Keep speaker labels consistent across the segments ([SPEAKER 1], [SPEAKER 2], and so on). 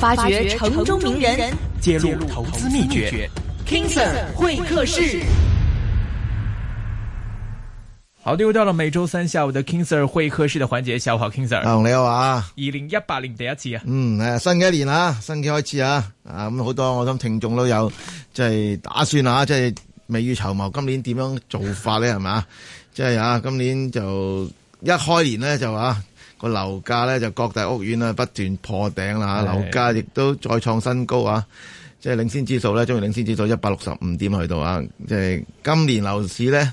[SPEAKER 1] 發掘城中名人，揭露投資秘訣。秘 King, Sir, King
[SPEAKER 2] Sir 會客室，好，又到了每周三下午的 King Sir 會客室的環節。下午好，King Sir。阿、啊、你好啊。二零一八年第一次啊。嗯，係新嘅一年啊，新嘅開始啊。啊，咁、嗯、好多我諗聽眾都有即係打算啊，即係未雨綢繆，今年點樣做法咧？係 嘛，即、就、係、是、啊，今年就一開年呢，就啊。個樓價呢，就各大屋苑啊不斷破頂啦，樓價亦都再創新高啊！即係領先指數呢，中原領先指數一百六十五點去到啊！即係今年樓市呢，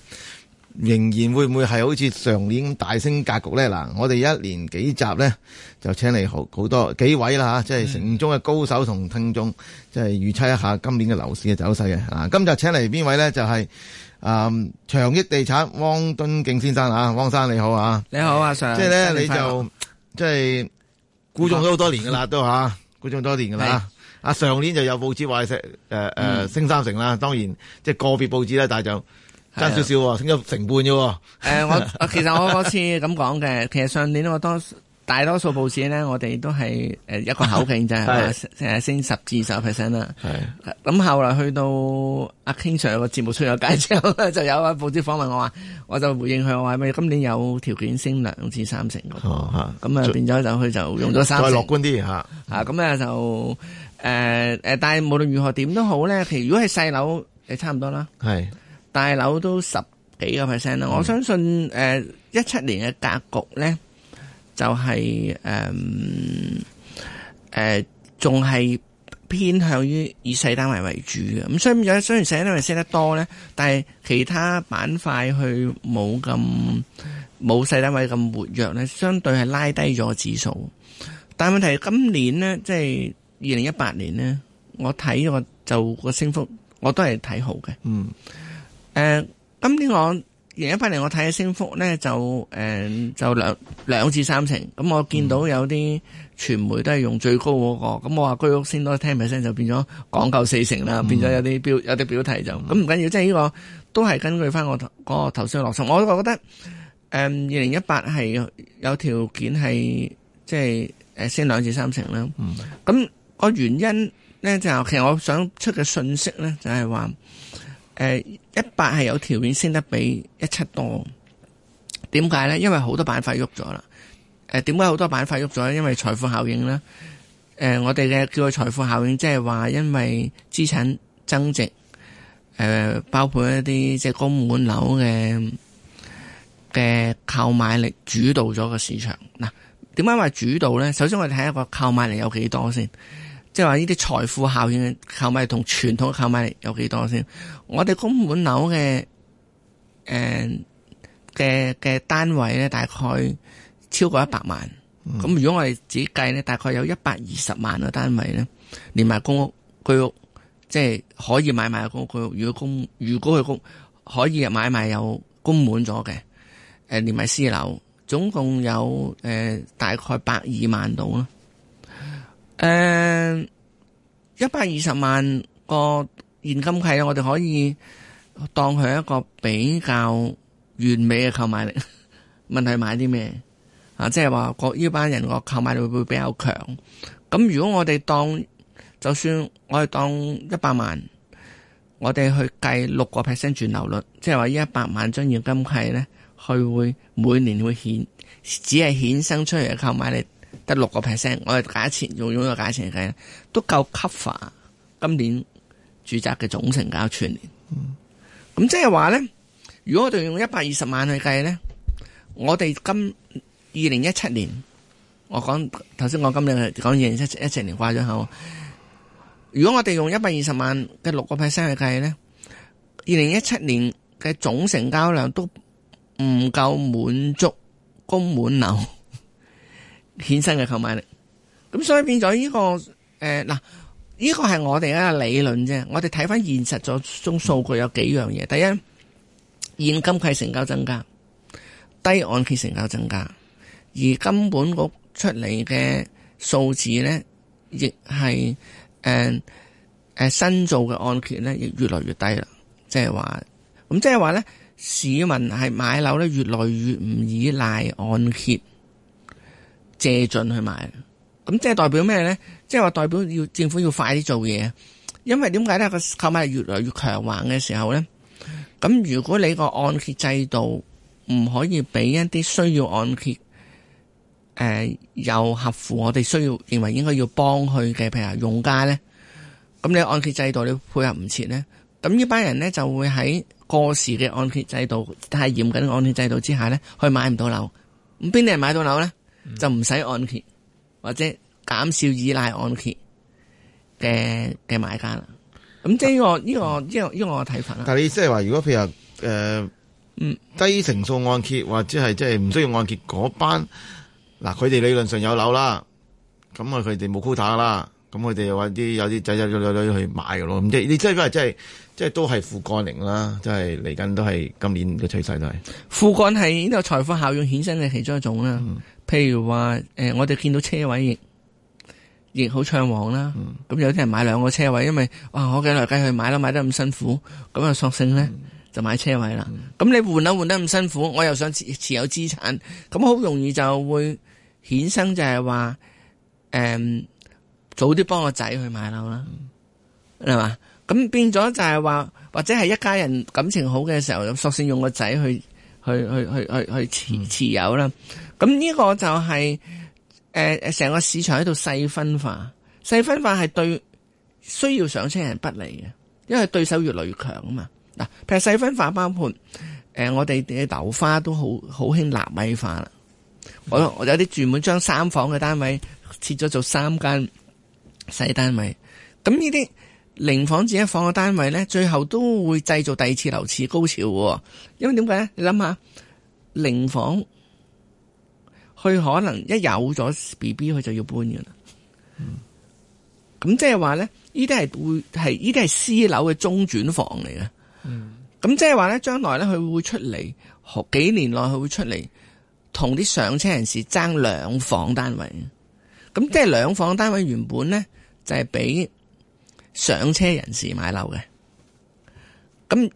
[SPEAKER 2] 仍然會唔會係好似上年咁大升格局呢？嗱，我哋一連幾集呢，就請嚟好好多幾位啦吓，即係城中嘅高手同聽眾，即係預測一下今年嘅樓市嘅走勢嘅。今集請哪就請嚟邊位呢？就係啊、嗯！祥益地產汪敦敬先生汪先生，汪生你好
[SPEAKER 1] 啊，你好啊，常。即係咧你就
[SPEAKER 2] 即係估中咗好多年噶啦，都吓估中多年噶啦。啊，上年就有報紙話誒誒升三成啦，當然即係個別報紙咧，但係就爭少少喎，升咗成半啫。誒、呃，我，我
[SPEAKER 1] 其實我嗰次咁講嘅，其實上年我都。大多數報紙咧，我哋都係誒一個口徑啫，就係，誒 升十至十個 percent 啦。係咁 後來去到阿 King Sir 嘅節目出咗街之後咧，就有位報紙訪問我話，我就回應佢話：咪今年有條件升兩至三成咯。吓咁啊變咗就佢就用咗三 再樂觀啲吓吓咁啊就誒誒、呃，但係無論如何點都好咧。譬如如果係細樓，誒差唔多啦。係大樓都十幾個 percent 啦。我相信誒一七年嘅格局咧。就係誒誒，仲、嗯、係、呃、偏向於以細單位為主嘅。咁所以而家雖然細單位升得多咧，但係其他板塊去冇咁冇細單位咁活躍咧，相對係拉低咗個指數。但係問題係今年咧，即係二零一八年咧，我睇我就個升幅我都係睇好嘅。嗯，誒、呃，今年我。二零一八年我睇下升幅咧就誒、嗯、就兩兩至三成。咁我見到有啲傳媒都係用最高嗰、那個。咁我話居屋先多聽唔聽就變咗講夠四成啦、嗯，變咗有啲標有啲標題就咁唔緊要、嗯。即係呢、這個都係根據翻我個頭頭先嘅落手。我都覺得誒二零一八係有條件係即係先升兩至三成啦。咁、嗯那個原因咧就其實我想出嘅訊息咧就係、是、話。誒，一百係有條件升得比一七多，點解呢？因為好多板塊喐咗啦。誒，點解好多板塊喐咗呢？因為財富效應啦。誒，我哋嘅叫做財富效應，即係話因為資產增值，誒，包括一啲即係公滿樓嘅嘅購買力主導咗個市場。嗱，點解話主導呢？首先我哋睇一個購買力有幾多先。即係話呢啲財富效應嘅購買同傳統嘅購買力有幾多先？我哋供滿樓嘅誒嘅嘅單位咧，大概超過一百萬。咁、嗯、如果我哋自己計咧，大概有一百二十萬嘅單位咧，連埋公屋、居屋，即、就、係、是、可以買賣嘅公屋、居屋。如果供，如果佢供可以買賣有供滿咗嘅，誒、呃、連埋私樓，總共有誒、呃、大概百二萬度啦。誒，一百二十萬個現金契啊，我哋可以當佢一個比較完美嘅購買力。問題買啲咩啊？即係話個呢班人個購買力會不會比較強。咁如果我哋當，就算我哋當一百萬，我哋去計六個 percent 轉流率，即係話呢一百萬張現金契咧，佢會每年會顯，只係衍生出嚟嘅購買力。得六個 percent，我哋假設用用個假設嚟計，都夠 cover 今年住宅嘅總成交全年。咁即係話呢，如果我哋用一百二十萬去計呢，我哋今二零一七年，我講頭先我今年講二零一七一七年掛咗口。如果我哋用一百二十萬嘅六個 percent 去計呢，二零一七年嘅總成交量都唔夠滿足供滿樓。衍生嘅購買力，咁所以變咗呢個誒，嗱，呢個係我哋一個理論啫。我哋睇翻現實中數據有幾樣嘢，第一，現金契成交增加，低按揭成交增加，而根本局出嚟嘅數字咧，亦係誒、誒新造嘅按揭咧，亦越來越低啦。即係話，咁即係話咧，市民係買樓咧，越來越唔依賴按揭。借進去買，咁即係代表咩呢？即係話代表要政府要快啲做嘢，因為點解呢？個購買越來越強橫嘅時候呢，咁如果你個按揭制度唔可以俾一啲需要按揭，誒、呃、又合乎我哋需要認為應該要幫佢嘅，譬如用家呢，咁你按揭制度你配合唔切呢？咁呢班人呢，就會喺過時嘅按揭制度太嚴謹嘅按揭制度之下呢，佢買唔到樓，咁邊啲人買到樓呢？就唔使按揭，或者減少依賴按揭嘅嘅買家啦。咁即係呢個呢、嗯這個呢、這個呢、這個我嘅睇法啦。但
[SPEAKER 2] 係你即係話，如果譬如誒、呃，嗯，低成數按揭或者係即係唔需要按揭嗰班，嗱、嗯，佢哋理論上有樓啦，咁啊佢哋冇 quota 啦，咁佢哋又話啲有啲仔仔女女去買㗎囉。咁即係你即係即係。即係都係父幹零啦，即係嚟緊都係今年嘅
[SPEAKER 1] 趨勢都係。父幹係呢個財富效用衍生嘅其中一種啦、嗯。譬如話，誒、呃，我哋見到車位亦好暢旺啦，咁、嗯、有啲人買兩個車位，因為哇，我計嚟計去買樓，買得咁辛苦，咁啊索性咧、嗯、就買車位啦。咁、嗯、你換樓換得咁辛苦，我又想持持有資產，咁好容易就會衍生就係話，誒、嗯，早啲幫個仔去買樓啦，係、嗯、嘛？咁變咗就係話，或者係一家人感情好嘅時候，索性用個仔去去去去去去持持有啦。咁、嗯、呢個就係、是、成、呃、個市場喺度細分化，細分化係對需要上車人不利嘅，因為對手越嚟越強啊嘛。嗱，譬如細分化包括、呃、我哋嘅樓花都好好興納米化啦、嗯。我我有啲住滿張三房嘅單位，設咗做三間細單位，咁呢啲。零房、一房嘅單位咧，最後都會製造第二次樓次高潮嘅。因為點解咧？你諗下，零房，佢可能一有咗 B B，佢就要搬嘅啦。咁即係話咧，呢啲係會係呢啲係私樓嘅中轉房嚟嘅。咁即係話咧，將來咧佢會出嚟，幾年內佢會出嚟，同啲上車人士爭兩房單位。咁即係兩房單位原本咧就係俾。上車人士買樓嘅，咁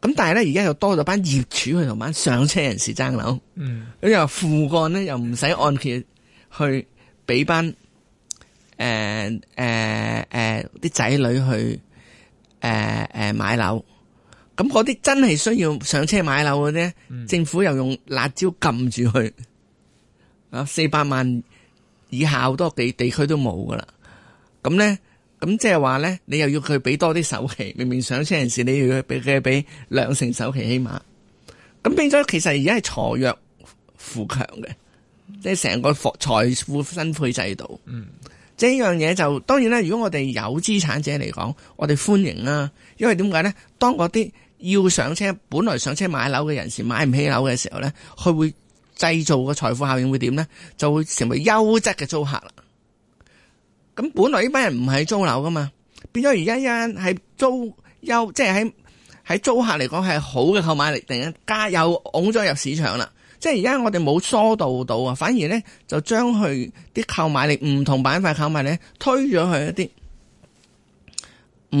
[SPEAKER 1] 咁但係咧，而家又多咗班業主去同班上車人士爭樓。嗯，咁又副干咧又唔使按揭去俾班誒誒誒啲仔女去誒誒，呃呃，買樓。咁嗰啲真係需要上車買樓嘅呢，政府又用辣椒撳住佢啊，四百萬以下好多地地區都冇噶啦。咁咧。咁即係話咧，你又要佢俾多啲首期，明明上車人士你要俾佢俾兩成首期起碼，咁變咗其實而家係鋤弱扶強嘅，即係成個財富分配制度。嗯，呢樣嘢就當然啦。如果我哋有資產者嚟講，我哋歡迎啦、啊，因為點解咧？當嗰啲要上車，本來上車買樓嘅人士買唔起樓嘅時候咧，佢會製造個財富效應會點咧？就會成為優質嘅租客啦。咁本來呢班人唔係租樓噶嘛，變咗而家一係租優，即係喺喺租客嚟講係好嘅購買力，突然間又拱咗入市場啦。即係而家我哋冇疏導到啊，反而咧就將佢啲購買力唔同板塊購買咧推咗去一啲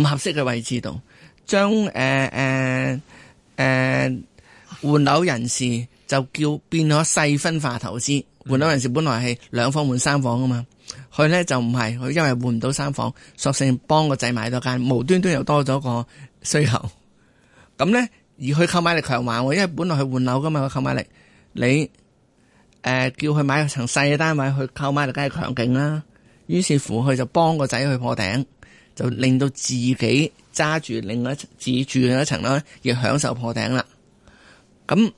[SPEAKER 1] 唔合適嘅位置度，將誒誒誒換樓人士就叫變咗細分化投資。換樓人士本來係兩房換三房㗎嘛。佢咧就唔係佢，因為換唔到三房，索性幫個仔買咗間，無端端又多咗個需求。咁咧，而佢購買力強嘛，因為本來佢換樓噶嘛，佢購買力你誒、呃、叫佢買一層細嘅單位去購買力梗係強勁啦。於是乎，佢就幫個仔去破頂，就令到自己揸住另外一層自住另一層啦，而享受破頂啦。咁誒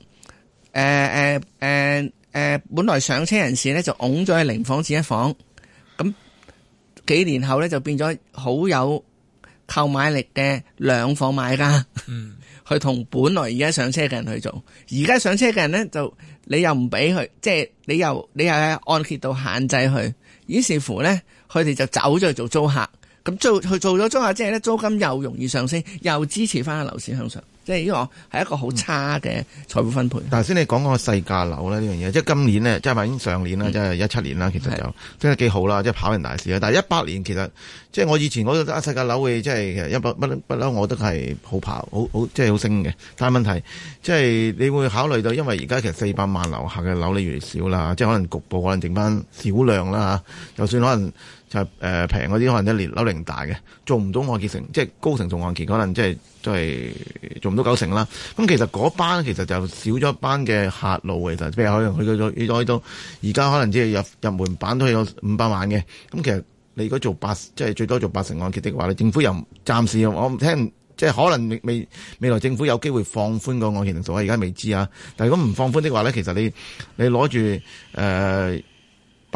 [SPEAKER 1] 誒誒誒，本來上車人士咧就拱咗去零房、至一房。幾年後咧就變咗好有購買力嘅兩房買家，嗯、去同本來而家上車嘅人去做。而家上車嘅人咧就你又唔俾佢，即係你又你又喺按揭度限制佢，於是乎咧佢哋就走咗去做租客。咁做佢做咗租客之後，即係咧租金又容易上升，又支持翻樓市向上。即係呢個係一個好差嘅
[SPEAKER 2] 財富分配但是說說。但係先你講嗰個細價樓咧呢樣嘢，即係今年咧，即係話已經上年啦，即係一七年啦，其實就的即係幾好啦，即係跑人大市，啦。但係一八年其實即係我以前嗰個細價樓嘅，即係一百不不嬲，我都係好跑好好，即係好升嘅。但係問題即係你會考慮到，因為而家其實四百萬樓下嘅樓越嚟越少啦，即係可能局部可能剩翻少量啦嚇，就算可能。誒平嗰啲可能一年樓齡大嘅，做唔到按揭成，即係高成數按揭可能即係都係做唔到九成啦。咁其實嗰班其實就少咗一班嘅客路，其實譬如可能去到去到到而家可能即係入入門版都有五百萬嘅。咁其實你如果做八，即係最多做八成按揭的話，你政府又暫時我唔聽，即係可能未未來政府有機會放寬個按揭成數，我而家未知啊。但係如果唔放寬的話咧，其實你你攞住誒。呃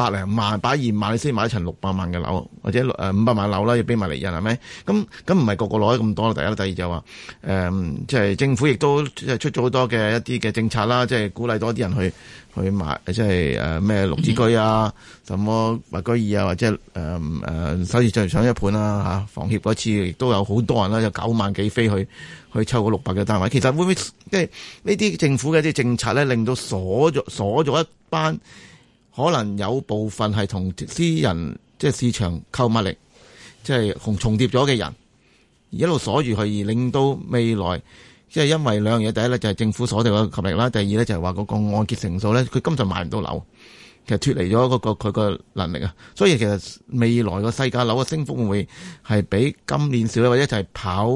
[SPEAKER 2] 百零萬、百二,百二,百二,百二,百二萬，你先買一層六百萬嘅樓，或者五百萬樓啦，要俾埋嚟。人係咪？咁咁唔係個個攞咁多啦。第一，第二就係話即係政府亦都出咗好多嘅一啲嘅政策啦，即係鼓勵多啲人去去買，即係誒咩綠置居啊，什麼白居二啊，或者誒首次再上一盤啦、啊、房協嗰次亦都有好多人啦，就有九萬幾飛去去抽嗰六百嘅單位。其實會唔會即係呢啲政府嘅啲政策咧，令到鎖咗鎖咗一班？可能有部分係同私人即係市場購物力，即係重重疊咗嘅人，而一路鎖住佢，而令到未來即係因為兩樣嘢，第一咧就係、是、政府鎖定嘅吸力啦，第二咧就係話嗰個按揭成數咧，佢根本就買唔到樓，其實脫離咗個佢個能力啊，所以其實未來個細價樓嘅升幅會唔會係比今
[SPEAKER 1] 年少咧，或者就係跑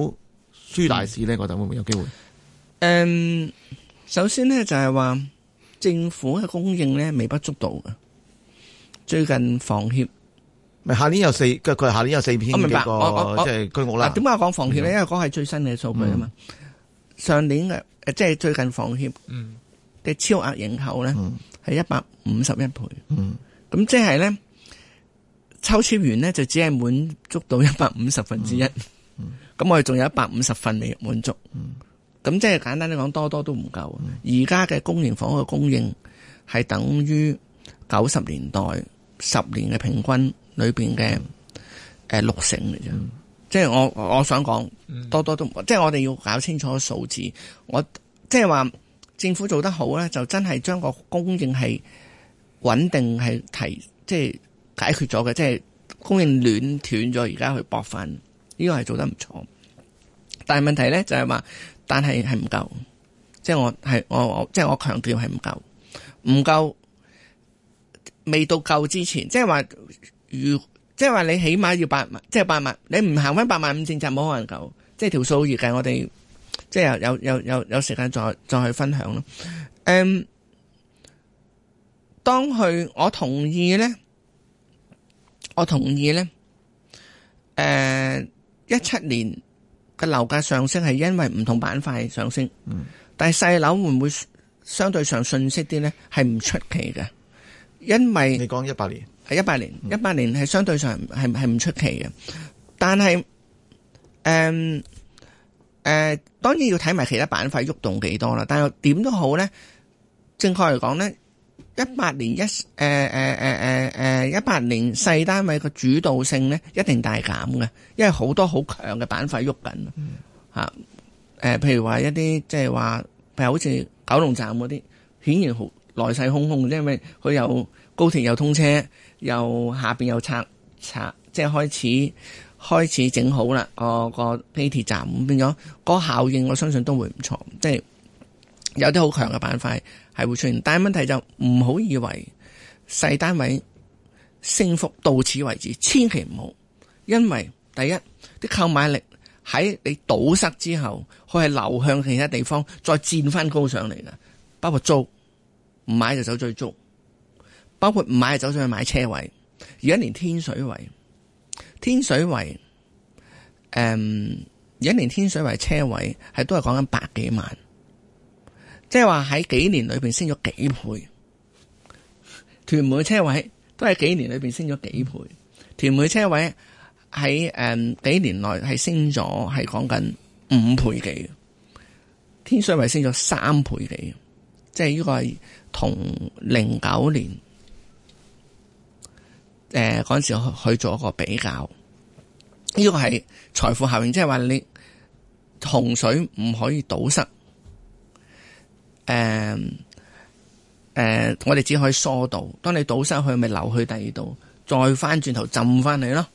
[SPEAKER 1] 輸大市咧，我、嗯、哋會唔會有機會？誒、嗯，首先咧就係話。政府嘅供應咧微不足道嘅，最近房協咪下年有四，佢佢下年有四篇，我明白，即係嗰冇啦。點解講房協咧？因為嗰係最新嘅數據啊嘛、嗯。上年嘅即係最近房協嘅超額認購咧係一百五十一倍，咁、嗯、即係咧抽簽完咧就只係滿足到一百五十分之一、嗯，咁、嗯、 我哋仲有一百五十分未滿足。嗯嗯咁即係簡單嚟講，多多都唔夠。而家嘅公營房屋嘅供應係等於九十年代十年嘅平均裏邊嘅誒六成嚟啫。即、嗯、係我我想講多多都唔、嗯、即係我哋要搞清楚數字。我即係話政府做得好咧，就真係將個供應係穩定係提即係解決咗嘅，即係供應鏈斷咗而家去搏返呢個係做得唔錯，但係問題咧就係、是、話。但係係唔夠，即係我係我我即係我強調係唔夠，唔夠未到夠之前，即係話如即係話你起碼要八萬，即係八萬，你唔行翻八萬五千就冇可能夠，即係條數預計我哋，即係有有有有時間再再去分享咯。誒、嗯，當佢我同意咧，我同意咧，誒，一、呃、七年。個樓價上升係因為唔同板塊上升，嗯，但係細樓會唔會相對上遜色啲咧？係唔出奇嘅，因為你講一百年係一百年，一百年係相對上係係唔出奇嘅。但係誒誒，當然要睇埋其他板塊喐動幾多啦。但係點都好咧，正確嚟講咧。一八、呃呃呃呃呃、年一誒誒誒誒誒一八年細單位嘅主導性咧，一定大減嘅，因為好多好強嘅板塊喐緊啊！誒、嗯呃，譬如話一啲即係話，譬如好似九龍站嗰啲，顯然好來勢洶洶，因為佢又高鐵又通車，又下邊又拆拆，即係開始開始整好啦、嗰個、嗰個地鐵站，咁變咗、嗰個效應，我相信都會唔錯，即係有啲好強嘅板塊。係會出現，但係問題就唔好以為細單位升幅到此為止，千祈唔好，因為第一啲購買力喺你堵塞之後，佢係流向其他地方再佔翻高上嚟噶，包括租唔買就走最租，包括唔買就走上去買車位，而家連天水圍、天水圍，誒、嗯，而家連天水圍車位係都係講緊百幾萬。即係話喺幾年裏邊升咗幾倍，屯門嘅車位都係幾年裏邊升咗幾倍，屯門嘅車位喺誒幾年內係升咗，係講緊五倍幾，天水圍升咗三倍幾，即係呢個係同零九年誒嗰陣時去做一個比較，呢個係財富效應，即係話你洪水唔可以堵塞。誒、呃、誒、呃，我哋只可以疏導。當你倒身去，咪流去第二度，再翻轉頭浸翻你咯。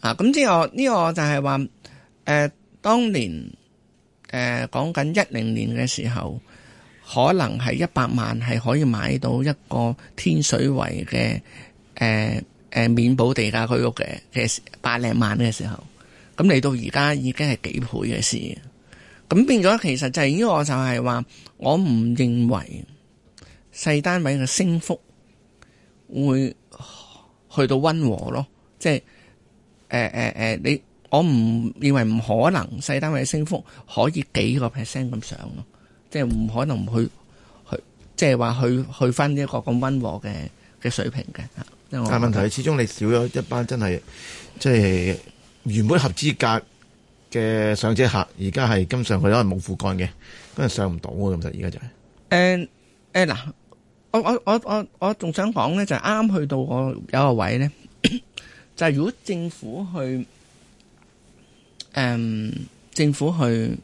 [SPEAKER 1] 啊，咁即係呢個就係話，誒、呃，當年誒講緊一零年嘅時候，可能係一百萬係可以買到一個天水圍嘅誒誒免補地價居屋嘅嘅百零萬嘅時候，咁嚟到而家已經係幾倍嘅事。咁變咗，其實就係呢個就係話，我唔認為細單位嘅升幅會去到溫和咯，即係誒誒誒，你我唔認為唔可能細單位升幅可以幾個 percent 咁上咯，即係唔可能去去，即係話去去翻一個咁溫和嘅嘅水平嘅，吓、即係我覺得。但問題始終
[SPEAKER 2] 你少咗一班真係即係原本合資格。嘅上車客，而家係今上佢可能冇副幹嘅，咁啊上唔到啊，咁就而家就
[SPEAKER 1] 係誒誒嗱，我我我我我仲想講咧，就啱、是、啱去到我有個個位咧， 就係、是、如果政府去誒、呃、政府去誒呢、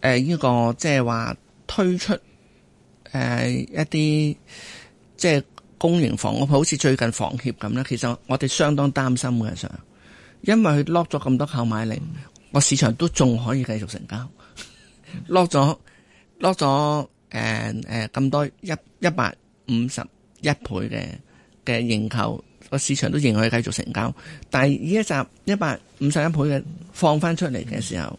[SPEAKER 1] 呃、個即係話推出誒、呃、一啲即係公營房屋，好似最近房協咁咧，其實我哋相當擔心嘅上。因為佢落咗咁多購買力，個、嗯、市場都仲可以繼續成交。落咗落咗誒誒咁多一一百五十一倍嘅嘅認購，個市場都仍可以繼續成交。但係呢一集一百五十一倍嘅放翻出嚟嘅時候，嗯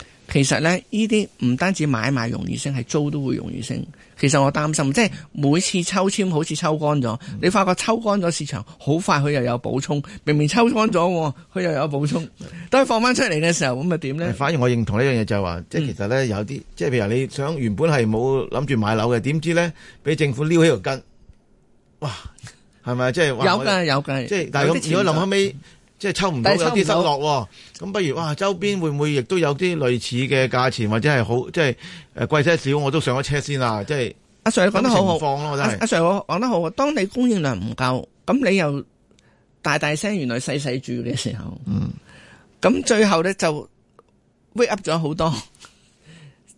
[SPEAKER 1] 嗯、其實咧呢啲唔單止買賣容易升，係租都會容易升。其實我擔心，即係每次抽籤好似抽乾咗，你發覺抽乾咗市場，好快佢又有補充。明明抽乾咗，佢又有補充，當佢放翻出嚟嘅時候，咁咪點呢？反而我認同呢樣嘢就係、是、話，即係其實呢，有啲，
[SPEAKER 2] 即係譬如你想原本係冇諗住買樓嘅，點知呢，俾政府撩起條筋，哇，係咪？即係話，有㗎，有㗎。即係但係如果諗後尾。即係抽唔到，到，有啲失落喎。咁不如哇、啊，周邊會唔會亦都有啲類似嘅價錢，或者係好即係誒貴些少，我都上咗車先
[SPEAKER 1] 啦。即係阿 Sir 講得好好，阿 Sir 講得，好，Sir，我得好。當你供應量唔夠，咁你又大大聲，原來細細住嘅時候，嗯，咁最後咧就 wake up 咗好多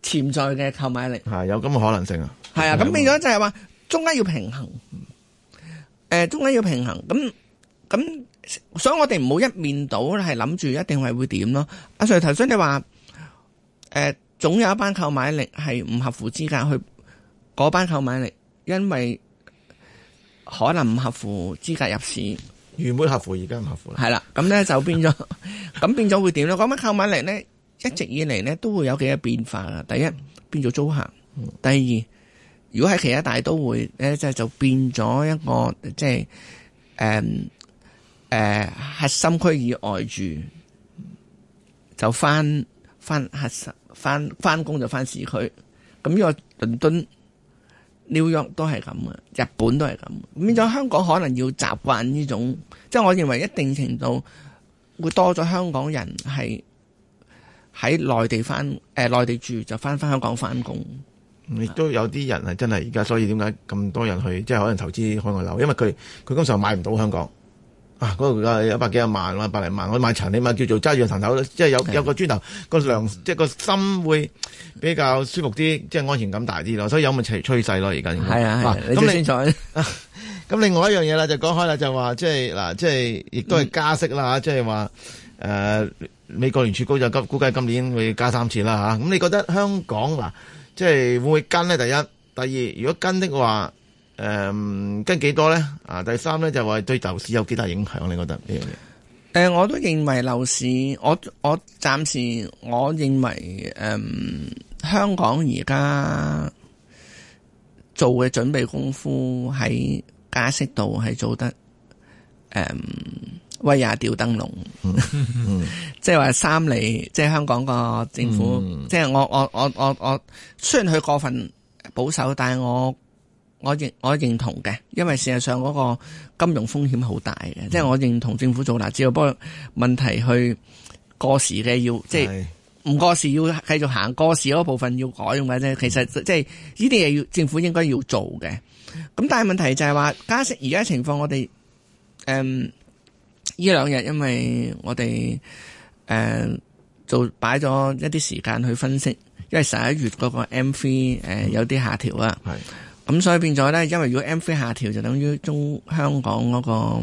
[SPEAKER 1] 潛在嘅購買力。係、啊、有咁嘅可能性啊。係啊，咁變咗就係話中間要平衡，誒、呃，中間要平衡。咁咁。所以我哋唔好一面倒，係諗住一定係會點咯。阿、啊、Sir，頭先你話，誒、呃，總有一班購買力係唔合乎資格去嗰班購買力，因為可能唔合乎資格入市，原本合乎而家唔合乎。啦。係啦，咁咧就變咗，咁 變咗會點咯？那班啊，購買力咧一直以嚟咧都會有幾個變化噶。第一變咗租客，第二如果喺其他大都會咧，就就變咗一個即係誒。嗯誒、呃，核心區以外住就返返核心，返返工就返市區。咁呢個倫敦、紐約都係咁嘅，日本都係咁。變咗香港可能要習慣呢種，即係我認為一定程度會多咗香港人係喺內地返，誒、呃、內地住就返返香港返工。亦、嗯、都有啲人係真係而家，所以點解咁多人去即係可能投
[SPEAKER 2] 資海外樓，因為佢佢今時候買唔到香港。啊，嗰個誒一百幾十萬或百零萬，我買層你咪叫做揸住層樓即係有是有個磚頭個梁，即、就、係、是、個心會比較舒服啲，即係安全感大啲咯，所以有咪趨趨勢咯，而家。係啊係啊，咁你咁、啊 啊、另外一樣嘢啦，就講開啦，就話即係嗱，即係亦都係加息啦，即係話誒美國聯儲高就急，估計今年會加三次啦咁、啊、你覺得香港嗱，即、啊、係、就是、會唔會跟呢？第一，第二，如果跟的話。誒、嗯，
[SPEAKER 1] 跟幾多咧？啊，第三咧就話對樓市有幾大影響？你覺得呢樣嘢？誒、呃，我都認為樓市，我我暫時我認為，誒、嗯，香港而家做嘅準備功夫喺加息度係做得誒、嗯、威亞吊燈籠，即係話三厘，即係香港個政府，即係，嗯，我我我我我，雖然佢過分保守，但係我。我認我認同嘅，因為事實上嗰個金融風險好大嘅，即、嗯、係我認同政府做嗱只要不過，問題去過時嘅要即係唔過時要繼續行過時嗰部分要改用嘅啫。其實即係呢啲嘢要政府應該要做嘅。咁但係問題就係話加息而家情況，我哋誒呢兩日因為我哋誒就擺咗一啲時間去分析，因為十一月嗰個 MV 誒、嗯嗯、有啲下調啊。咁所以變咗咧，因為如果 M3 下調，就等於中香港嗰、那個誒、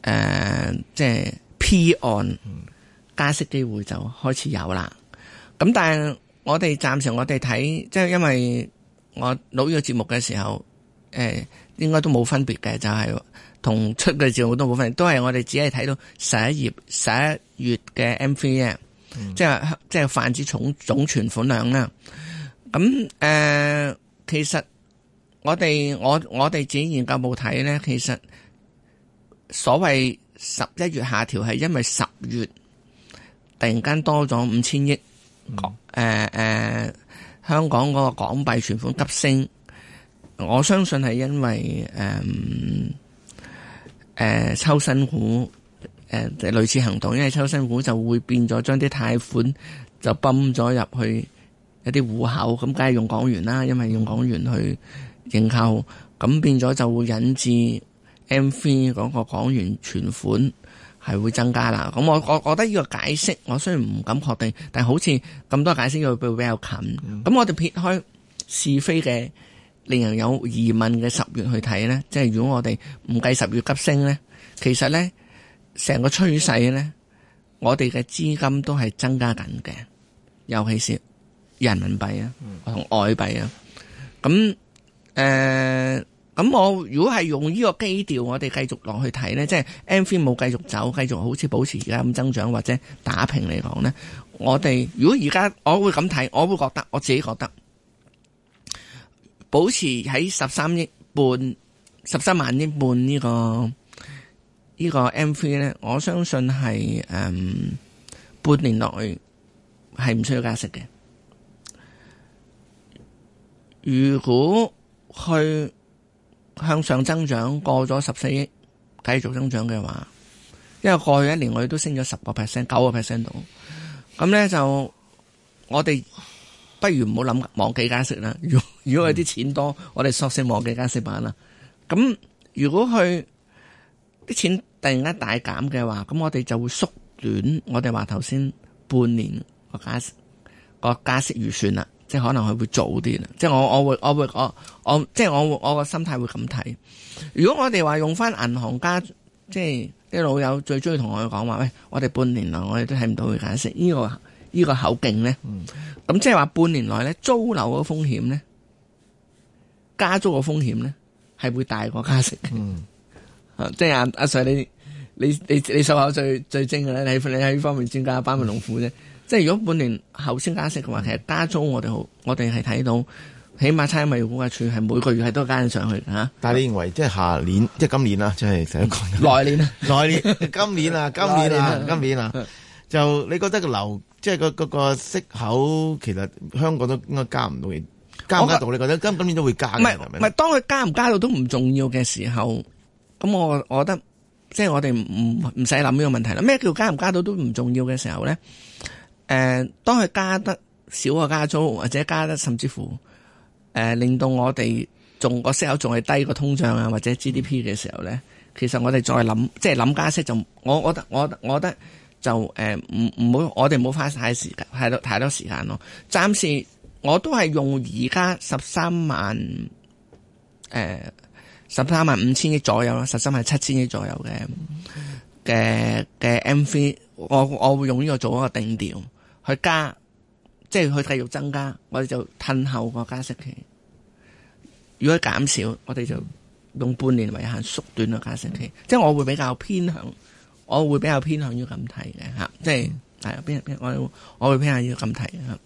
[SPEAKER 1] 呃，即係 P 按加息機會就開始有啦。咁但係我哋暫時我哋睇，即係因為我錄呢個節目嘅時候，誒、呃，應該都冇分別嘅，就係、是、同出嘅節目都冇分別，都係我哋只係睇到十一月十一月嘅 M3 啊，即係即係泛指總總存款量啦。咁、嗯、誒。呃其實我哋我我哋自己研究冇睇呢。其實所謂十一月下調係因為十月突然間多咗五千億，誒、嗯、誒、呃呃，香港嗰個港幣存款急升，我相信係因為誒誒抽新股誒、呃、類似行動，因為抽新股就會變咗將啲貸款就泵咗入去。一啲戶口咁，梗係用港元啦，因為用港元去認購咁變咗就會引致 M3 嗰個港元存款係會增加啦。咁我我覺得呢個解釋我雖然唔敢確定，但係好似咁多解釋被，佢比比較近。咁我哋撇開是非嘅令人有疑問嘅十月去睇呢，即係如果我哋唔計十月急升呢，其實呢成個趨勢呢，我哋嘅資金都係增加緊嘅，尤其是，人民幣啊，同外幣啊，咁誒，咁、呃、我如果係用呢個基調，我哋繼續落去睇咧，即係 M3 冇繼續走，繼續好似保持而家咁增長或者打平嚟講咧，我哋如果而家我會咁睇，我會覺得我自己覺得保持喺十三億半、十三萬億半、這個這個、呢個呢個 M3 咧，我相信係誒、嗯、半年內係唔需要加息嘅。如果去向上增長過咗十四億，繼續增長嘅話，因為過去一年我哋都升咗十個 percent、九個 percent 度，咁咧就我哋不如唔好諗忘記加息啦。如如果係啲錢多，我哋索性忘記加息版啦。咁如果去啲錢突然間大減嘅話，咁我哋就會縮短我哋話頭先半年個加個加息預算啦。即係可能佢會早啲啦，即係我我會我會我我即係我我個心態會咁睇。如果我哋話用翻銀行加，即係啲老友最中意同我哋講話咧，我哋半年內我哋都睇唔到佢加息，呢個呢個口徑咧，咁、嗯、即係話半年內咧租樓嘅風險咧，加租嘅風險咧係會大過加息嘅。嗯、 即係阿阿 Sir 你你你你數口最最精嘅咧，你你喺呢方面專家班門弄斧啫。即係如果半年後先加息嘅話，其實加租我哋好，我哋係睇到，起碼差唔多估價處係每個月係都加上去嘅。但你認
[SPEAKER 2] 為即係下年，嗯、即係今年啦、啊， 即係第一個。來年啦、啊 啊，來年，今年啊，今年啊，今年啊嗯、今年啊，就你覺得個樓，即係、嗰個個、嗰個息口，其實
[SPEAKER 1] 香港都應該加唔到嘅，加唔加到咧？覺今今年都會加，唔係，當佢加唔加到都唔重要嘅時候，咁我我覺得，即係我哋唔唔使諗呢個問題啦。咩叫加唔加到都唔重要嘅時候咧？誒、呃，當佢加得少個加租，或者加得甚至乎誒、呃、令到我哋仲個息口仲係低個通脹啊，或者 GDP 嘅時候咧，其實我哋再諗即係諗加息就，我我覺得我我覺得就誒唔唔好，我哋冇花太時間太多太多時間咯。暫時我都係用而家十三萬誒十三萬五千億左右啦，十三萬七千億左右嘅嘅嘅 MV，我我會用呢個做一個定調。去加，即係去繼續增加，我哋就褪後個加息期。如果減少，我哋就用半年為限縮短個加息期。嗯、即係我會比較偏向，我會比較偏向於咁睇嘅吓，即係係邊我我會偏向於咁睇嘅吓。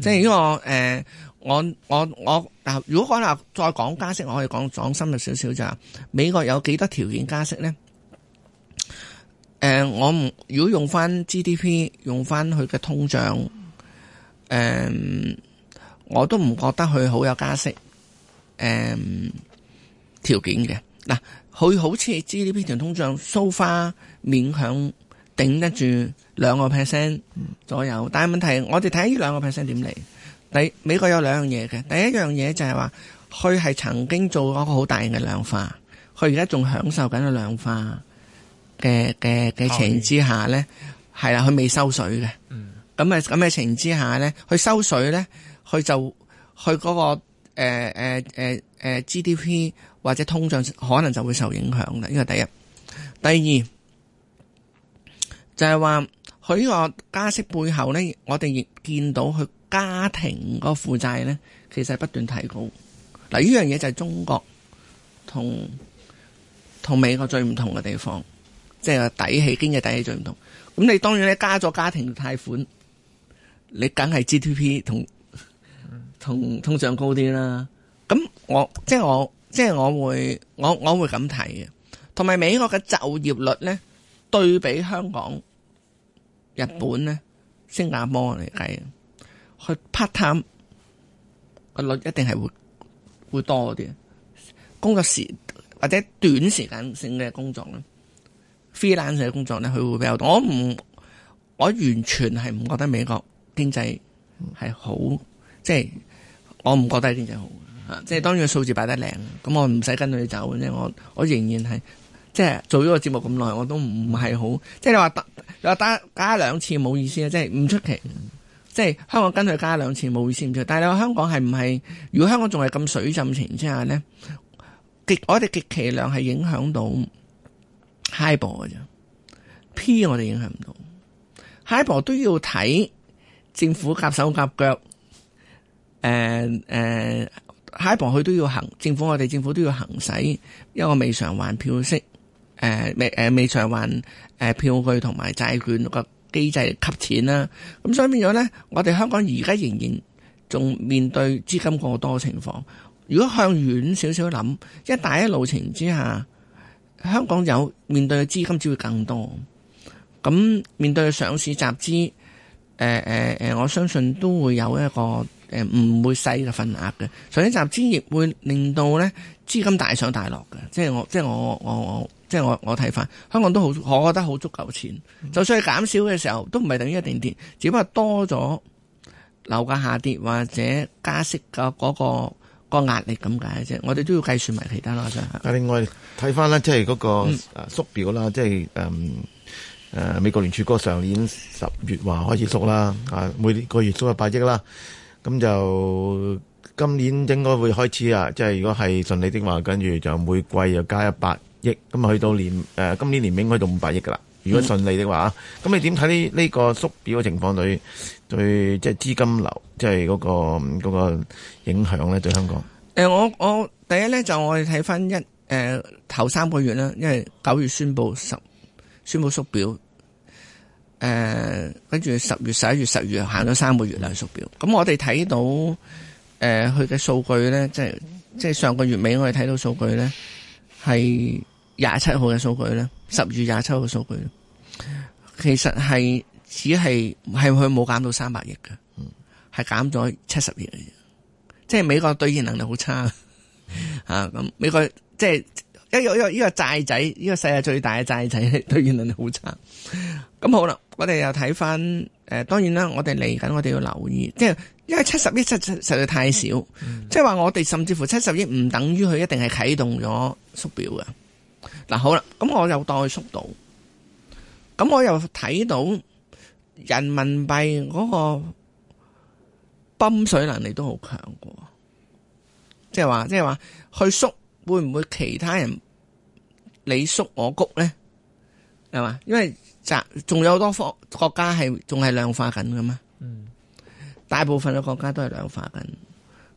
[SPEAKER 1] 即係如果我誒、呃，我我我嗱，如果可能再講加息，我可以講講深入少少就係，美國有幾多條件加息咧？誒、嗯，我唔如果用翻 GDP，用翻佢嘅通脹，誒、嗯，我都唔覺得佢好有加息，誒、嗯，條件嘅。嗱、嗯，佢好似 GDP 同通脹 so far 勉強頂得住兩個 percent 左右，嗯、但係問題我哋睇呢兩個 percent 點嚟？第美國有兩樣嘢嘅，第一樣嘢就係話，佢係曾經做過一個好大型嘅量化，佢而家仲享受緊個量化。嘅嘅嘅情形之下咧，係啦，佢未收水嘅。嗯，咁啊，咁嘅情形之下咧，佢收水咧，佢就佢嗰個誒誒誒誒 GDP 或者通脹可能就會受影響啦。呢個第一，第二就係話，佢呢個加息背後咧，我哋亦見到佢家庭個負債咧，其實係不斷提高。嗱，呢樣嘢，就係中國同同美國最唔同嘅地方。即係底氣，經濟底氣最唔同，咁你當然咧加咗家庭貸款，你梗係 GDP 同同，同通脹高啲啦。咁我即係我即係我會我我會咁睇嘅，同埋美國嘅就業率咧對比香港、日本咧、嗯、新加坡嚟計，去 part time 個率一定係會會多啲，工作時或者短時間性嘅工作呢。Freelance 嘅工作咧，佢會比較多。我唔，我完全係唔覺得美國經濟係好，即、嗯、係、就是、我唔覺得經濟好。即、嗯、係、啊就是、當然個數字擺得靚，咁我唔使跟佢哋走。即、就、係、是、我，我仍然係即係做咗個節目咁耐，我都唔係好。即、就、係、是、你話你話加兩次冇意思啊！即係唔出奇。即、嗯、係、就是、香港跟佢加兩次冇意思唔出，但係你話香港係唔係？如果香港仲係咁水浸情之下咧，極我哋極其量係影響到。HIBOR 嘅啫，P 我哋影響唔到，HIBOR 都要睇政府夾手夾腳，誒誒 HIBOR 佢都要行政府，我哋政府都要行使一個未償還票息，誒、uh、未誒、uh、未償還誒票據同埋債券個機制吸錢啦。咁所以變咗咧，我哋香港而家仍然仲面對資金過多嘅情況。如果向遠少少諗，一帶一路程之下。香港有面對嘅資金只會更多，咁面對上市集資、呃呃，我相信都會有一個誒唔、呃、會細嘅份額嘅。上市集資亦會令到咧資金大上大落嘅，即係我即係我我我即係我我睇返，香港都好，我覺得好足夠錢、嗯。就算係減少嘅時候，都唔係等於一定跌，只不過多咗樓價下跌或者加息嘅嗰、嗰個。個壓力咁解啫，我哋都要計算埋其他咯。就係
[SPEAKER 2] 另外睇翻啦，即係嗰個縮表啦、嗯，即係誒誒，美國聯儲上年十月話開始縮啦，啊，每個月縮一百億啦，咁就今年應該會開始啊，即係如果係順利的話，跟住就每季又加一百億，咁啊去到年誒、呃、今年年尾應該到五百億噶啦。如果順利的話，咁、嗯、你點睇呢？呢個縮表嘅情況對對，即係資金流，即係嗰個嗰個影響咧，對香港？
[SPEAKER 1] 呃、我我第一咧就我哋睇翻一誒、呃、頭三個月啦，因為九月宣布十，宣布縮表，誒跟住十月、十一月、十月、十月行咗三個月嚟縮表。咁我哋睇到誒佢嘅數據咧，即係即係上個月尾我哋睇到數據咧，係。廿七號嘅數據咧，十月廿七號嘅數據呢，其實係只係係佢冇減到三百億嘅，係減咗七十億嘅。即係美國兌現能力好差啊！咁、嗯嗯、美國即係一一個一個債仔，呢個世界最大嘅債仔，兌現能力好差。咁好啦，我哋又睇翻誒，當然啦，我哋嚟緊我哋要留意，即係因為七十億實實在太少，即係話我哋甚至乎七十億唔等於佢一定係啟動咗縮表嘅。嗱好啦，咁我又當佢縮到，咁我又睇到人民幣嗰個泵水能力都好強嘅，即係話，即係話去縮會唔會其他人你縮我谷咧？係嘛？因為仲有好多國家係仲係量化緊㗎嘛。嗯，大部分嘅國家都係量化緊。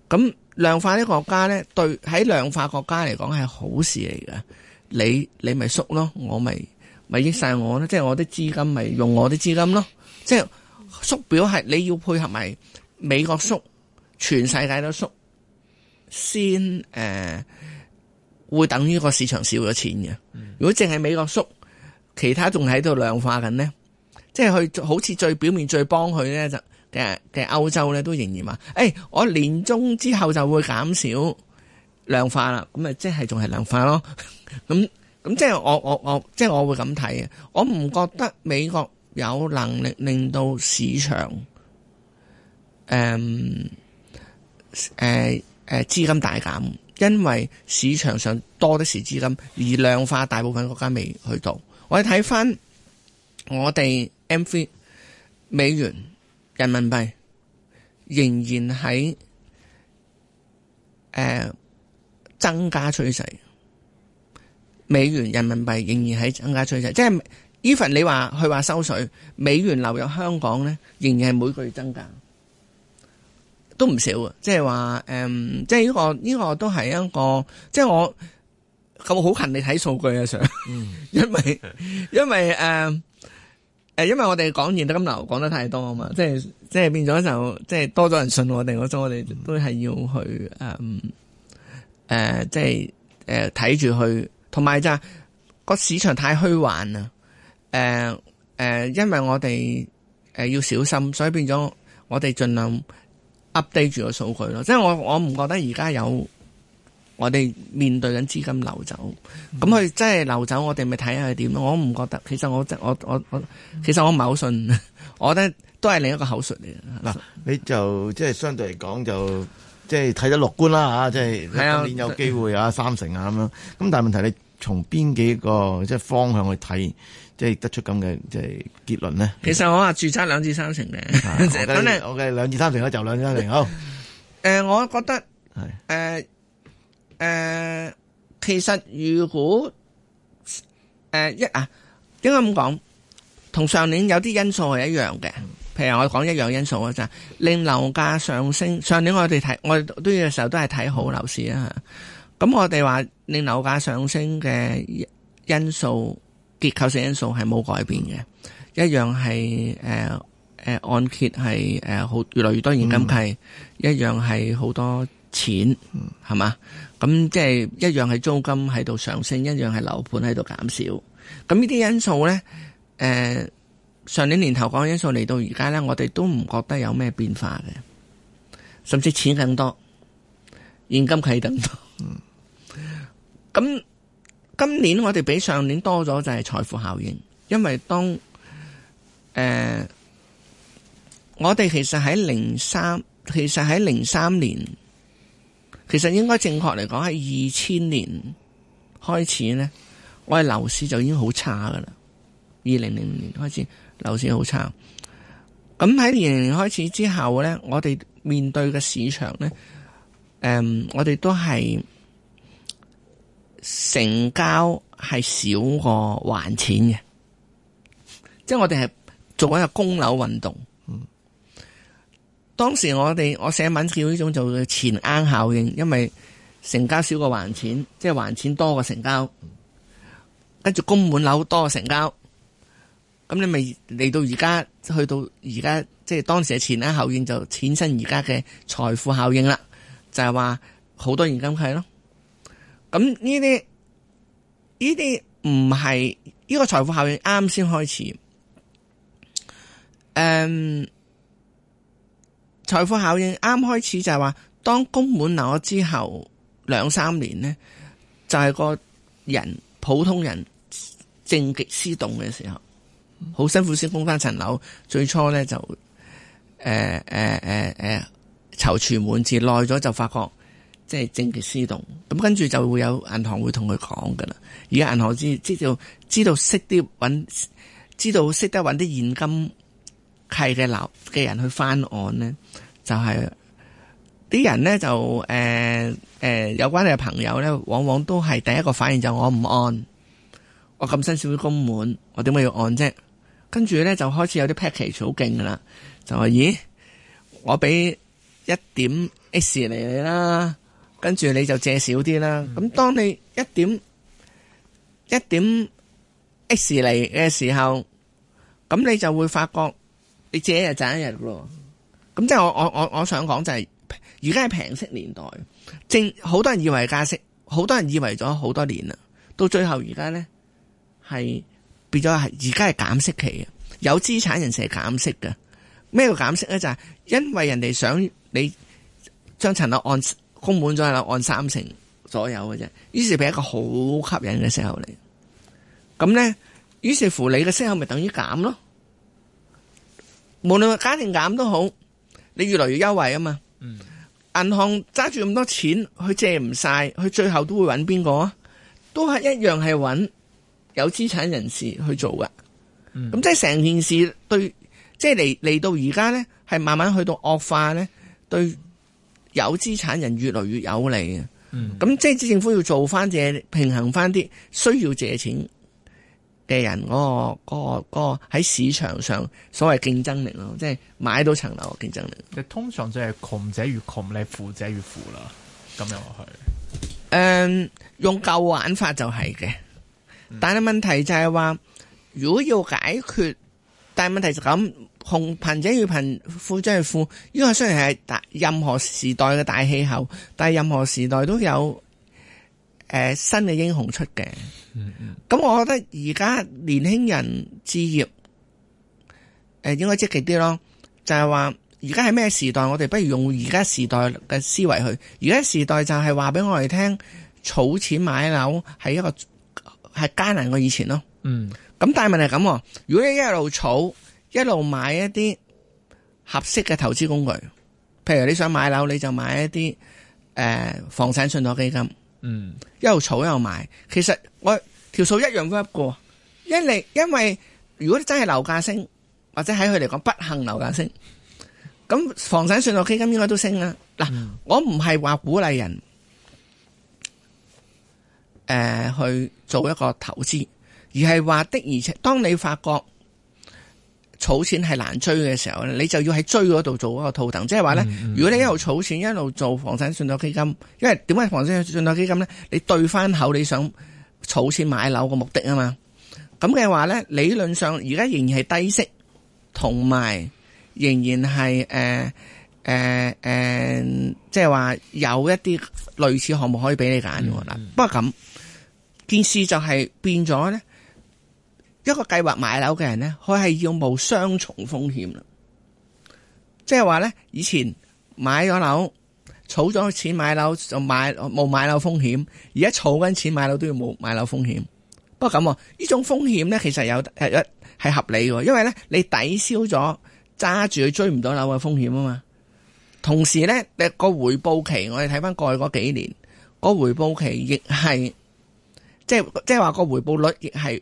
[SPEAKER 1] 咁量化啲國家咧，對喺量化國家嚟講係好事嚟㗎。你你咪縮咯，我咪咪益晒我咧，即係我啲資金咪用我啲資金咯。即係縮表係你要配合埋美國縮，全世界都縮先誒、呃，會等於個市場少咗錢嘅。如果淨係美國縮，其他仲喺度量化緊呢？即係佢好似最表面最幫佢咧，就嘅嘅歐洲咧都仍然話，誒、欸，我年終之後就會減少。量化啦，咁咪即係仲係量化咯。咁咁即係我我我即係、就是、我會咁睇嘅，我唔覺得美國有能力令到市場誒誒誒資金大減，因為市場上多的是資金，而量化大部分國家未去到。我哋睇翻我哋 MV 美元人民幣仍然喺誒。欸增加趨勢，美元人民幣仍然喺增加趨勢，即係 even 你話佢話收稅，美元流入香港咧，仍然係每個月增加，都唔少啊！即係話誒，即係呢、這個呢、這個都係一個，即係我咁好勤力睇數據啊，Sir，、嗯、因為 因為誒誒、呃，因為我哋講現金流講得太多啊嘛，即係即係變咗就即係多咗人信我哋，我所以我哋都係要去誒。呃誒、呃，即係誒，睇住去，同埋就係、是、個市場太虛幻啊！誒、呃、誒、呃，因為我哋誒、呃、要小心，所以變咗我哋盡量 update 住個數據咯。即係我我唔覺得而家有我哋面對緊資金流走，咁、嗯、佢真係流走，我哋咪睇下係點咯。我唔覺得，其實我我我我，其實我唔係好信，我覺得都係另一個口述嚟。嗱，你就即係相對嚟
[SPEAKER 2] 講就。即係睇得樂觀啦嚇，即係下年有機會啊，三成啊咁樣。咁但係問題，你從邊幾個即係方向去睇，即係得出咁嘅即係結
[SPEAKER 1] 論呢？其實我話註冊兩至三成嘅，咁你 OK 兩至三成咧就兩至三成好。誒、 呃，我覺得係誒誒，其實如果誒一、呃、啊，應該咁講？同上年有啲因素係一樣嘅。係啊，我講一樣因素啊，就係、是、令樓價上升。上年我哋睇，我都要嘅時候都係睇好樓市啊。咁我哋話令樓價上升嘅因素，結構性因素係冇改變嘅，一樣係誒誒按揭係誒好，越來越多現金貸、嗯，一樣係好多錢係嘛？咁即係一樣係租金喺度上升，一樣係樓盤喺度減少。咁呢啲因素咧，誒、呃。上年年頭講嘅因素嚟到而家呢，我哋都唔覺得有咩變化嘅，甚至錢更多，現金企更多。咁今年我哋比上年多咗就係財富效應，因為當誒、呃、我哋其實喺零三，其實喺零三年，其實應該正確嚟講係二千年開始呢我哋樓市就已經好差噶啦，二零零五年開始。樓市好差，咁喺零零年開始之後呢，我哋面對嘅市場呢，誒，我哋都係成交係少過還錢嘅，即係我哋係做緊個供樓運動。當時我哋我寫文叫呢種叫做錢罌效應，因為成交少過還錢，即係還錢多過成交，跟住供滿樓多過成交。咁你咪嚟到而家，去到而家，即係當時嘅前因後果，就產生而家嘅財富效應啦。就係話好多現金係咯。咁呢啲呢啲唔係呢個財富效應啱先開始，嗯。財富效應啱開始就係話，當供滿樓之後兩三年呢，就係、是、個人普通人正極思動嘅時候。好辛苦先供翻層樓，最初咧就誒誒誒誒，籌、呃、措、呃呃呃、滿志，耐咗就發覺即係靜極思動，咁跟住就會有銀行會同佢講㗎喇。而家銀行知道知道知道識啲揾知道識得揾啲現金契嘅樓嘅人去翻按咧，就係、是、啲人咧就誒、呃呃、有關你嘅朋友咧，往往都係第一個反應就我唔按，我咁新少供滿，我點解要按啫？跟住咧就開始有啲 package 好勁噶啦，就話咦，我俾一點 X 嚟你啦，跟住你就借少啲啦。咁、嗯、當你一點一點 X 嚟嘅時候，咁你就會發覺你借一日賺一日噶咯。咁即係我我我我想講就係、是，而家係平息年代，正好多人以為加息，好多人以為咗好多年啦。到最後而家咧係。變咗係而家係減息期，有資產人士係減息嘅。咩叫減息咧？就係、是、因為人哋想你將層樓按供滿咗，樓按三成左右嘅啫。於是俾一個好吸引嘅息口嚟。咁咧，於是乎你嘅息口咪等於減咯。無論家庭減都好，你越來越優惠啊嘛。銀、嗯、行揸住咁多錢，佢借唔晒，佢最後都會揾邊個啊？都係一樣係揾。有資產人士去做嘅，咁即係成件事對，即係嚟嚟到而家咧，係慢慢去到惡化咧，對有資產人越嚟越有利啊！咁、嗯、即係政府要做翻借平衡翻啲需要借錢嘅人嗰、嗰個、嗰個、嗰個喺市場上所謂競爭力咯，即係買到層樓嘅競爭力。即通常就係窮者越窮，嚟富者越富啦。咁樣落去。誒，用舊玩法就係嘅。但係問題就係話，如果要解決，但係問題就咁，窮貧者要貧，富者係富。呢個雖然係大任何時代嘅大氣候，但係任何時代都有誒、呃、新嘅英雄出嘅。咁、嗯嗯、我覺得而家年輕人置業誒、呃，應該積極啲咯。就係話而家係咩時代，我哋不如用而家時代嘅思維去。而家時代就係話俾我哋聽，儲錢買樓係一個。係艱難過以前咯，嗯，咁但係問題係咁，如果你一路儲，一路買一啲合適嘅投資工具，譬如你想買樓，你就買一啲誒房產信託基金，嗯，一路儲一路買，其實我條數一樣都一個，一嚟因為，因為如果你真係樓價升，或者喺佢嚟講不幸樓價升，咁房產信託基金應該都升啦，嗱、嗯，我唔係話鼓勵人，誒、呃，去做一個投資，而係話的，而且當你發覺儲錢係難追嘅時候咧，你就要喺追嗰度做一個套騰，即係話咧，嗯嗯嗯，如果你一路儲錢，一路做房產信託基金，因為點解房產信託基金咧？你對翻口你想儲錢買樓嘅目的啊嘛，咁嘅話咧，理論上而家仍然係低息，同埋仍然係誒。呃誒、呃、誒，即係話有一啲類似項目可以俾你揀。嗱、嗯嗯，不過咁件事就係變咗咧。一個計劃買樓嘅人咧，佢係要冒雙重風險。即係話咧，以前買咗樓，儲咗錢買樓就買冇買樓風險；而家儲緊錢買樓都要冇買樓風險。不過咁呢種風險咧，其實有係係合理嘅，因為咧你抵消咗揸住佢追唔到樓嘅風險啊嘛。同時咧，誒個回報期，我哋睇翻過去嗰幾年，個回報期亦係，即係即係話個回報率亦係，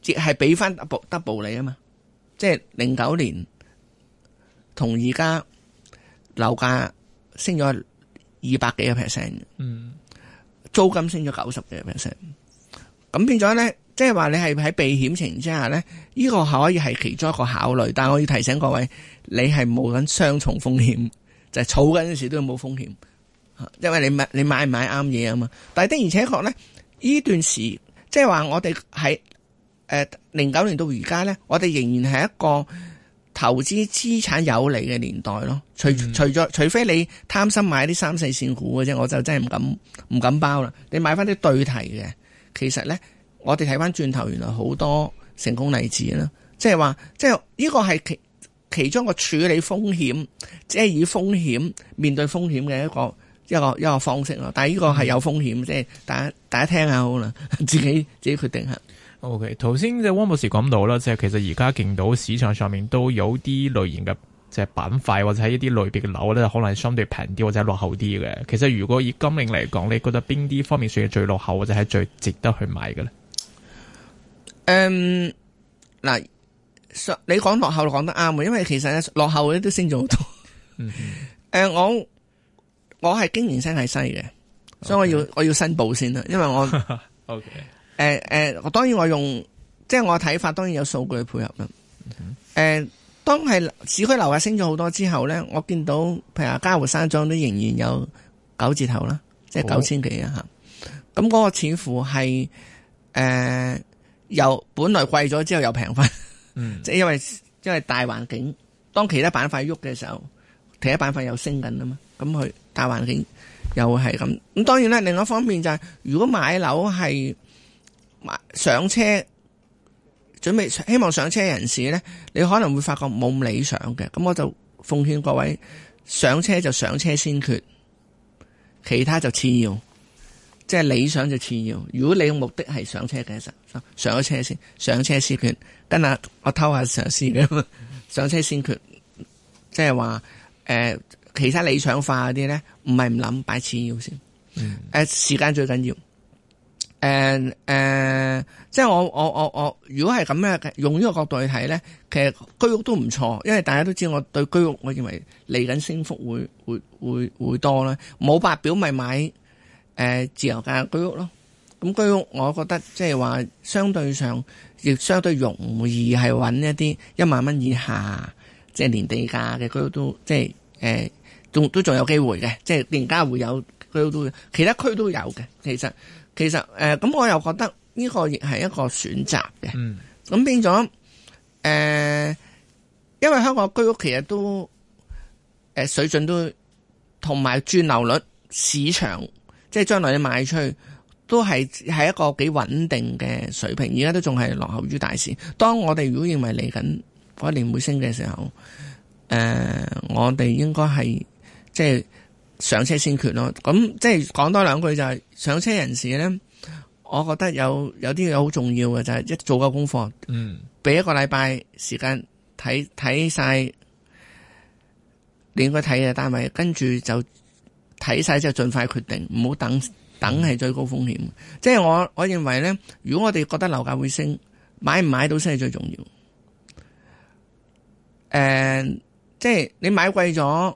[SPEAKER 1] 即係俾翻 double double 你啊嘛，即係零九年同而家樓價升咗二百幾個 percent，嗯，租金升咗九十幾個 percent，咁變咗咧，即係話你係喺避險情之下咧，呢個可以係其中一個考慮，但係我要提醒各位。你係冇緊雙重風險，就係儲嗰陣時都要冇風險，因為你買，你買唔買啱嘢啊嘛。但係的而且確咧，依段時即係話我哋喺誒零九年到而家咧，我哋仍然係一個投資資產有利嘅年代咯、嗯。除除咗除非你貪心買啲三四線股嘅啫，我就真係唔敢唔敢包啦。你買翻啲對題嘅，其實咧我哋睇翻轉頭，原來好多成功例子啦。即係話，即係依個係其。其中個處理風險，即係以風險面對風險嘅一個一個一個方式咯。但係呢個係有風險，即係大家大家聽下好啦，自己自己決定下。
[SPEAKER 2] OK，頭先即係汪博士講到啦，即係其實而家見到市場上面都有啲類型嘅即係板塊，或者係一啲類別嘅樓咧，可能係相對平啲或者係落後啲嘅。其實如果以金領嚟講，你覺得邊啲方面算係最落後，或者係最值得去買嘅
[SPEAKER 1] 咧？嗯，嗱、呃。你講落後講得啱啊，因為其實呢落後咧都升咗好多、 mm。誒、hmm. 呃，我我係經營新界西嘅，Okay. 所以我要我要申報先啦。因為我 ，ok，誒誒、呃呃，當然我用即係我睇法，當然有數據配合啦。誒、mm hmm. 呃，當係市區樓價升咗好多之後咧，我見到譬如啊嘉湖山莊都仍然有九字頭啦，即係九千幾啊，吓咁嗰個似乎係誒由本來貴咗之後又平返。 嗯，即係因為因為大環境，當其他板塊喐嘅時候，其他板塊又升緊啊嘛，咁佢大環境又係咁。咁當然啦，另外一方面就係、是、如果買樓係買上車準備希望上車人士咧，你可能會發覺冇咁理想嘅。咁我就奉勸各位上車就上車先決，其他就次要。即係理想就次要，如果你嘅目的係上車嘅，其實上咗車先，上車先決，跟下我偷下嘗試嘅上車先決，即係話誒，其他理想化嗰啲咧，唔係唔諗，擺次要先。誒、嗯呃，時間最緊要。誒、呃、誒、呃，即係我我我我，如果係咁咧，用呢個角度去睇咧，其實居屋都唔錯，因為大家都知我對居屋，我認為嚟緊升幅會會會會多啦。冇白表咪買。誒自由價居屋咯，咁居屋我覺得即係話相對上亦相對容易係揾一啲一萬蚊以下，即係連地價嘅居屋都即係誒，都仲有機會嘅，即係而家會有居屋都，其他區都有嘅。其實其實誒，咁我又覺得呢個亦係一個選擇嘅。嗯，咁變咗誒，因為香港居屋其實都誒水準都同埋轉流率市場。即係將來你賣出去，都係係一個幾穩定嘅水平。而家都仲係落後於大市。當我哋如果認為嚟緊嗰一年會升嘅時候，誒、呃，我哋應該係即係上車先決咯。咁即係講多兩句就係、是、上車人士咧，我覺得有有啲嘢好重要嘅就係、是、一做個功課，嗯，俾一個禮拜時間睇睇晒你應該睇嘅單位，跟住就。睇晒之後盡快決定，唔好等，等係最高風險。即係我我認為咧，如果我哋覺得樓價會升，買唔買到先係最重要。誒、呃，即係你買貴咗，誒、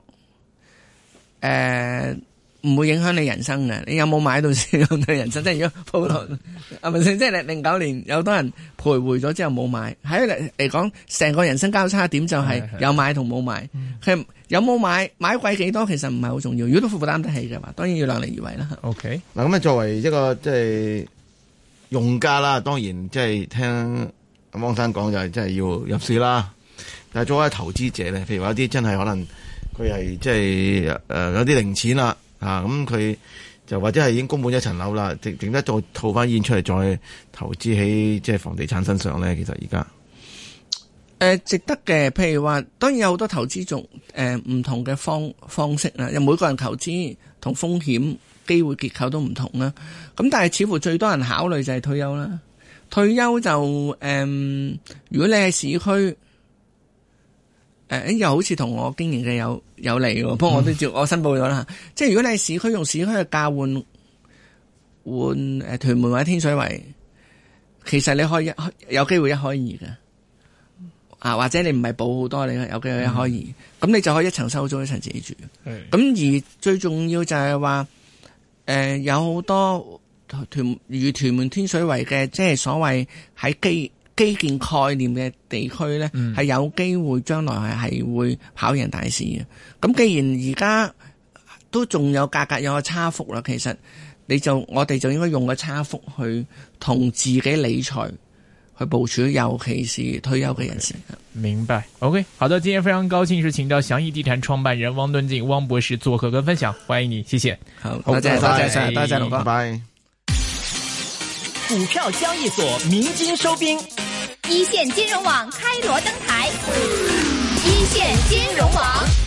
[SPEAKER 1] 呃，唔會影響你人生嘅。你有冇買到先影響人生？ 即係如果普羅，啊唔係，即係零零九年有多人徘徊咗之後冇買，喺嚟嚟講，成個人生交叉點就係有買同冇買。佢。 有冇買買貴幾多其實唔係好重要，如果都負擔得起嘅話，當然要量力而為啦。OK，
[SPEAKER 2] 嗱咁啊，作為一個即係、就是、用家啦，當然即係聽汪生講就係真係要入市啦。但係作為投資者咧，譬如話一啲真係可能佢係即係誒有啲零錢啦，吓咁佢就或者係已經供滿一層樓啦，剩剩低再套翻現出嚟再投資喺即係房地產身上咧，其實而家。
[SPEAKER 1] 誒、呃，值得嘅，譬如話，當然有好多投資仲誒唔同嘅方方式啦。有每個人投資同風險機會結構都唔同啦。咁但係似乎最多人考慮就係退休啦。退休就誒、呃，如果你喺市區，誒、呃，又好似同我經營嘅有有嚟嘅，不過我都照我申報咗啦、嗯。即係如果你喺市區用市區嘅價換換誒，屯門或者天水圍，其實你可以有機會一開二嘅。啊，或者你唔係補好多，你有機會可以，咁、嗯、你就可以一層收租，一層自己住。咁、嗯、而最重要就係話，誒、呃、有好多屯如屯門天水圍嘅，即、就、係、是、所謂喺基基建概念嘅地區呢係、嗯、有機會將來係係會跑贏大市嘅。咁既然而家都仲有價格有個差幅啦，其實你就我哋就應該用個差幅去同自己理財。去部署，尤其是退休嘅人士。
[SPEAKER 2] 明白，OK，好的，今天非常高興是請到祥益地產創辦人汪敦敬汪博士做客跟分享，歡迎你，謝謝。好，okay，大家再見，okay，大家再見，拜拜。
[SPEAKER 1] 股票交易所鳴金收兵，一線金融網開鑼登台，一線金融網。